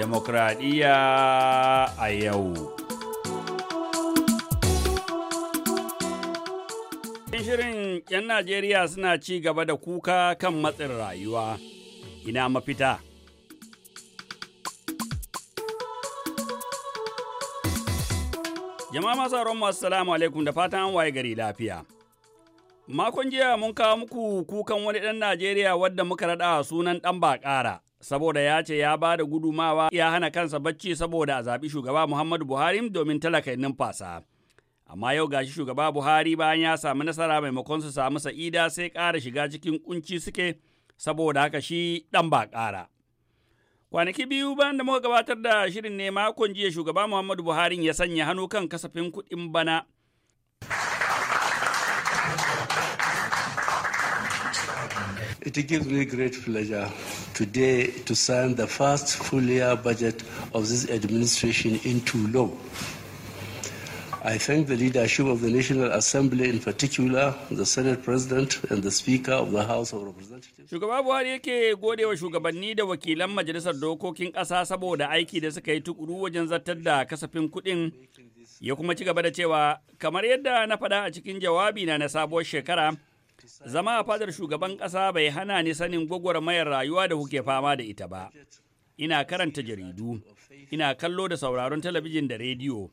demokradiyya a yau. Shirin 'yan Najeriya suna ci gaba da kuka kan matsin rayuwa, ina mafita. Jama'a masu sauran masu salamu alaikum da fatan an waye gari lafiya. Makon jiya mun kawo muku kukan wani ɗan Najeriya wadda muka raɗa sunan ɗan ba ƙara. saboda ya ce ya ba da gudumawa ya hana kansa bacci saboda a zaɓi shugaba Muhammadu Buhari domin talaka numfasa. Amma yau gashi shugaba Buhari bayan ya samu nasara maimakon su sami sa'ida sai kara shiga cikin kunci suke saboda haka shi dan ba ƙara. Kwanaki biyu bayan da muka gabatar da shirin ne makon jiya shugaba Muhammadu Buhari ya sanya hannu kan kasafin kuɗin bana It gives me great pleasure today to sign the first full year budget of this administration into law. I thank the leadership of the National Assembly in particular, the Senate President and the Speaker of the House of Representatives. Shugaba Buhari yake gode wa shugabanni da wakilan Majalisar Dokokin Ƙasa saboda aiki da suka yi tukuru wajen zartar da kasafin kuɗin ya kuma ci gaba da cewa kamar yadda na faɗa a cikin jawabi na na sabuwar shekara Zama a fadar shugaban ƙasa bai hana ni sanin mayar rayuwa da kuke fama da ita ba. Ina karanta jaridu, ina kallo da sauraron talabijin da rediyo,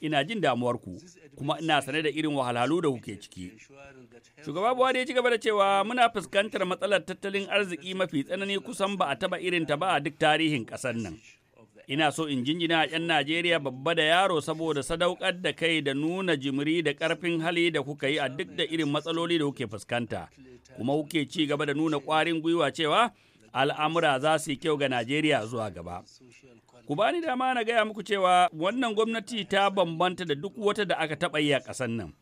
ina jin damuwarku, kuma ina sane da irin wahalhalu da kuke ciki. Shugaba da ya ci gaba da cewa muna fuskantar matsalar tattalin arziki mafi tsanani kusan ba a taba irin ta ba a duk tarihin ƙasar nan. Ina so in jinjina ‘yan Najeriya babba da yaro saboda sadaukar da kai da nuna jimri da karfin hali da kuka yi a duk da irin matsaloli da kuke fuskanta, kuma kuke ci gaba da nuna kwarin gwiwa cewa al'amura za su yi kyau ga Najeriya zuwa gaba. Ku bani dama na gaya muku cewa wannan gwamnati ta bambanta da duk wata da aka taɓa yi a ƙasar nan.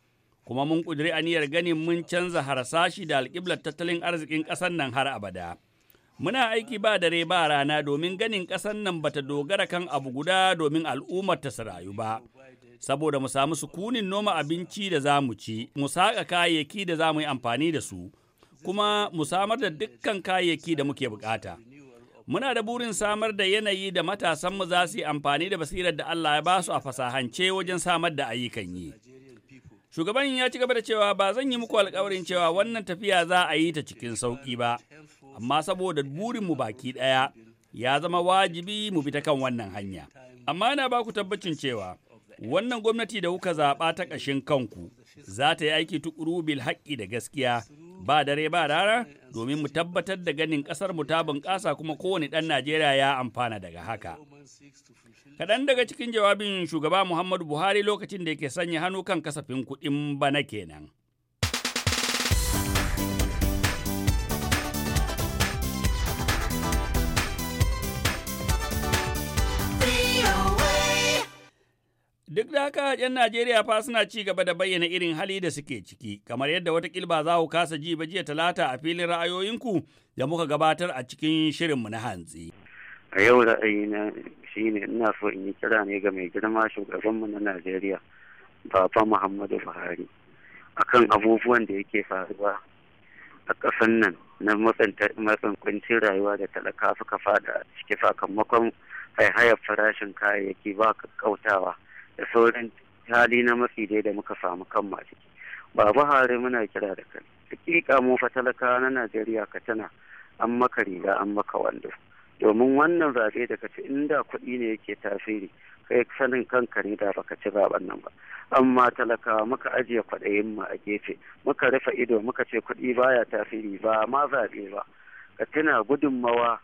Kuma mun ƙudiri aniyar ganin mun canza harsashi da alƙiblar tattalin arzikin ƙasar nan har abada. Muna aiki ba dare ba rana domin ganin ƙasan nan bata dogara kan abu guda domin al'ummar ta rayu ba. Saboda mu samu sukunin noma abinci da za mu ci, mu saƙa kayayyaki da za mu yi amfani da su, kuma mu samar da dukkan kayayyaki da muke bukata. Muna da burin samar da yanayi da matasanmu za su yi amfani da basirar da Allah ya ba su a fasahance wajen samar da ayyukan yi. Shugaban ya ci gaba da cewa ba zan yi muku alkawarin cewa wannan tafiya za a yi ta cikin sauƙi ba, amma saboda burinmu baki ɗaya ya zama wajibi mu bi ta kan wannan hanya. Amma na ba ku tabbacin cewa wannan gwamnati da kuka zaɓa ta ƙashin kanku za ta yi aiki tuƙuru bil haƙƙi da gaskiya ba dare ba rara domin mu tabbatar da ganin ƙasar mu ta bunƙasa kuma kowane ɗan Najeriya ya amfana daga haka. Kaɗan daga cikin jawabin shugaba Muhammadu Buhari lokacin da yake sanya hannu kan kasafin kuɗin bana kenan. Duk da haka, ‘yan Najeriya fa suna ci gaba da bayyana irin hali da suke ciki, kamar yadda wata kilba za ku kasa ji ba jiya talata a filin ra'ayoyinku da muka gabatar a cikin shirinmu na hantsi. A yau ra'ayina shi ne ina so in yi kira ne ga mai girma shugabanmu na Najeriya, Baba Muhammadu Buhari, akan abubuwan da yake faruwa a ƙasan nan na matsan kwanci rayuwa da talaka suka fada a ciki sakamakon haihayar farashin kayayyaki ba kautawa da sauran hali na mafi dai da muka samu kan a ciki ba buhari muna kira da kai hakika mu fa talakawa na najeriya ka tana an maka riga an maka wando domin wannan zaɓe da ka ci inda kuɗi ne yake tasiri kai sanin kanka ne da baka ci zaɓen nan ba amma talaka muka ajiye kwaɗayin mu a gefe muka rufe ido muka ce kuɗi baya tasiri ba ma zaɓe ba ka tuna gudunmawa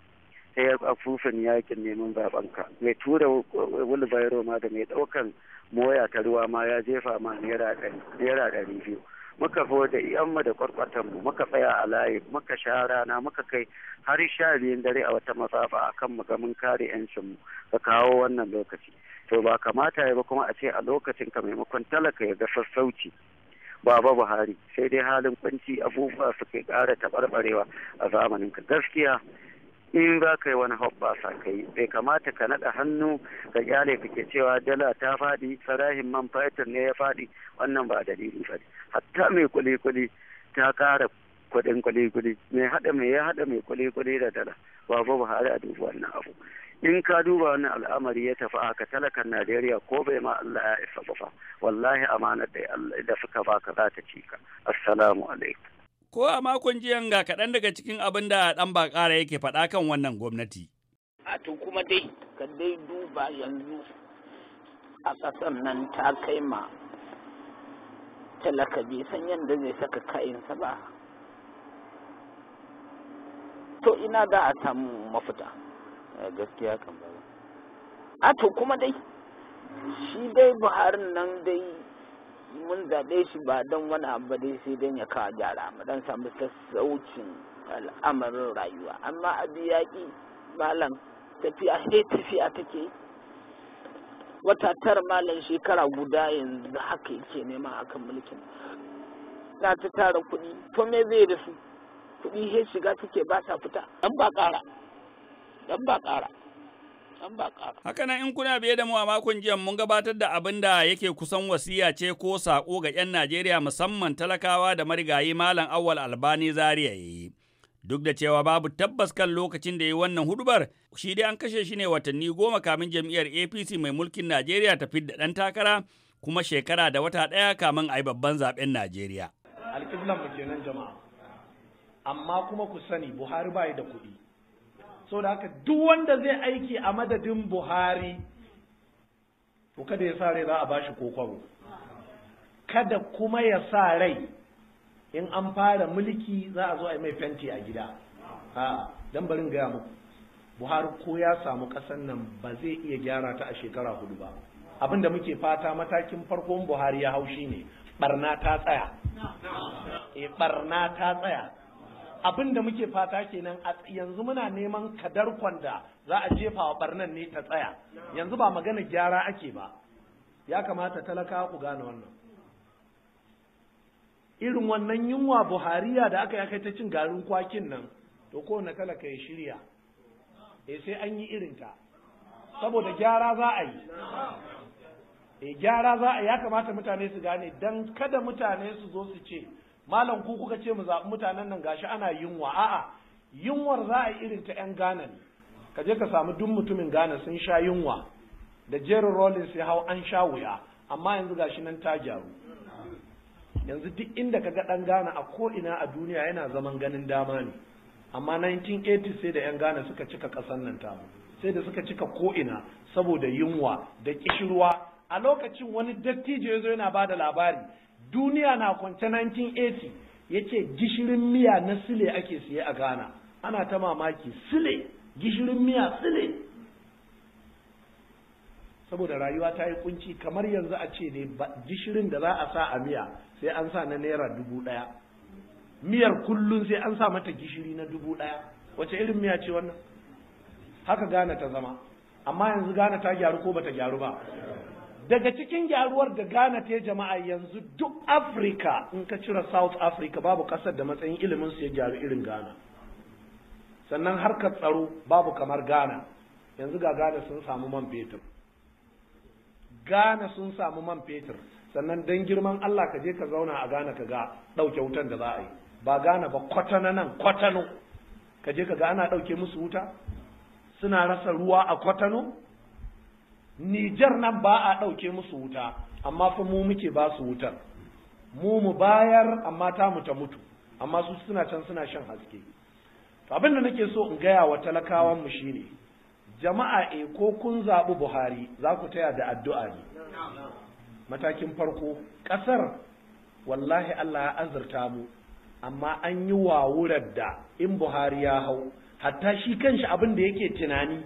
sai ya afufin yakin neman zaben ka mai tura wani bayro ma da mai daukan moya ta ruwa ma ya jefa ma naira ɗari biyu muka fi da iyanmu da kwarkwatan mu muka tsaya a layi muka sha rana muka kai har sha biyun dare a wata matsafa a kan mugamin kare yancin mu ka kawo wannan lokaci to ba kamata ya ba kuma a ce a lokacin ka maimakon talaka ya ga sassauci baba buhari sai dai halin kwanci abubuwa suke kara taɓarɓarewa a zamanin ka gaskiya in za ka yi wani hoɓɓasa ka yi bai kamata ka naɗa hannu ka kyale kake cewa dala ta faɗi sarahin man fetur ne ya faɗi wannan ba dalili ba ne hatta mai kuli-kuli ta ƙara kuɗin kuli-kuli mai haɗa mai ya haɗa mai kuli-kuli da dala ba ba buhari a dubu wannan abu in ka duba wannan al'amari ya tafi aka talakan najeriya ko bai ma allah ya isa ba wallahi amanar da suka ka za ta ci ka assalamu alaikum Ko a makon jiya ga kaɗan daga cikin abin da ɗan ba ƙara yake faɗa kan wannan gwamnati. A to kuma dai ka dai duba yanzu a ƙasar nan ta kai ma talaka bai san yadda zai saka kayansa ba. To ina za a samu mafita. Eh, gaskiya kan ba. A to kuma dai shi dai Buharin nan dai mun zaɓe shi ba don wani abu dai sai don ya kawo gyara mu don samu sassaucin al'amarin rayuwa amma abu ya ƙi malam tafiya sai tafiya take wata tara malam shekara guda yanzu haka yake nema akan mulkin na ta tara kuɗi to me zai da su kuɗi sai shiga take ba ta fita dan ba ƙara dan ba ƙara Haka nan in kuna biye da mu a makon jiya mun gabatar da abin da yake kusan wasiya ce ko sako ga 'yan Najeriya musamman talakawa da marigayi Malam Awal Albani Zaria yi. Duk da cewa babu tabbas kan lokacin da ya yi wannan hudubar, shi dai an kashe shi ne watanni goma kamin jam'iyyar APC mai mulkin Najeriya ta fidda ɗan takara kuma shekara da wata ɗaya kamin a yi babban zaben Najeriya. Alƙiblan mu kenan jama'a. Amma kuma ku sani Buhari bai da kuɗi. da haka duk wanda zai aiki a madadin buhari to kada ya sa rai za a ba shi kokwaro kada kuma ya sa rai in an fara mulki za a zo a yi mai fenti a gida a dan barin gaya muku buhari ko ya samu kasan nan ba zai iya gyara ta a shekara hudu ba abin da muke fata matakin farkon buhari ya haushi ne barna ta barna ta tsaya eh, abin da muke fata kenan a yanzu muna neman kadar kwanda za a jefa wa barnan ne ta tsaya yanzu ba magana gyara ake ba ya kamata talaka ku gane wannan irin wannan yunwa buhariya da aka kai ta cin garin kwakin nan to ko na talaka ya shirya eh sai an yi irinta saboda gyara za a yi e gyara za a ya kamata mutane su gane dan kada mutane su zo su ce malam ku kuka ce mu zaɓi mutanen nan gashi ana yunwa a'a yunwar za a irin ta 'yan gana ne ka je ka samu duk mutumin gana sun sha yunwa da Jerry Rollins ya hau an sha wuya amma yanzu gashi nan ta jaru yanzu duk inda ka ga ɗan gana a ko'ina a duniya yana zaman ganin dama ne amma 1980 sai da 'yan gana suka cika ƙasar nan tamu sai da suka cika ko'ina saboda yunwa da kishirwa a lokacin wani dattijo ya zo yana ba da labari duniya na kwance 1980 ya ce gishirin miya na sile ake siye a ghana ana ta mamaki sile gishirin miya sile saboda rayuwa ta yi kunci kamar yanzu a ce ne gishirin da za a sa a miya sai an sa na naira dubu ɗaya miyar kullum sai an sa mata gishiri na dubu ɗaya wace irin miya ce wannan haka gana ta zama amma yanzu Ghana ta gyaru ko bata gyaru ba daga cikin gyaruwar da Ghana ta jama'a yanzu duk Afirka in ka cire South Africa babu kasar da matsayin ilimin su ya gyaru irin Ghana sannan harkar tsaro babu kamar Ghana yanzu ga Ghana sun samu man fetur Ghana sun samu man fetur sannan dan girman Allah ka je ka zauna a Ghana ka ga ɗauke wutan da za a yi ba Ghana ba kwatana nan kwatano ka je ka ga ana ɗauke musu wuta suna rasa ruwa a kwatano Nijar nan ba a ɗauke musu wuta amma fa mu muke ba su wutar mu mu bayar amma ta mu ta mutu amma su suna can suna shan haske abin da nake so in gaya wa talakawan mu ne, jama'a e ko kun zaɓi Buhari za ku taya da addu'a ne matakin farko ƙasar wallahi Allah ya azurta mu amma an yi wa wawurar da in Buhari ya hau hatta shi kanshi abin da yake tunani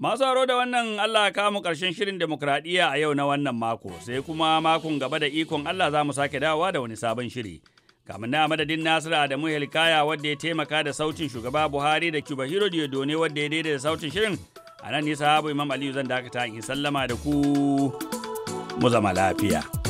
Masu haro da wannan Allah ka mu ƙarshen shirin demokradiyya a yau na wannan mako, sai kuma makon gaba da ikon Allah za mu sake dawowa da wani sabon shiri. Kamun na madadin Nasiru Adamu Hilkaya wadda ya taimaka da sautin shugaba Buhari da Cuba Hiro ne wadda ya da sautin shirin, a nan nisa Imam Aliyu zan dakata in sallama da ku mu zama lafiya.